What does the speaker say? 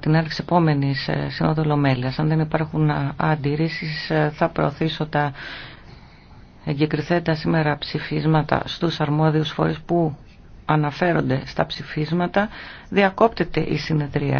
την άλλη επόμενη Συνόδου Αν δεν υπάρχουν αντιρρήσεις ε, θα προωθήσω τα εγκεκριθέντα σήμερα ψηφίσματα στους αρμόδιους φορείς που αναφέρονται στα ψηφίσματα. Διακόπτεται η συνεδρία.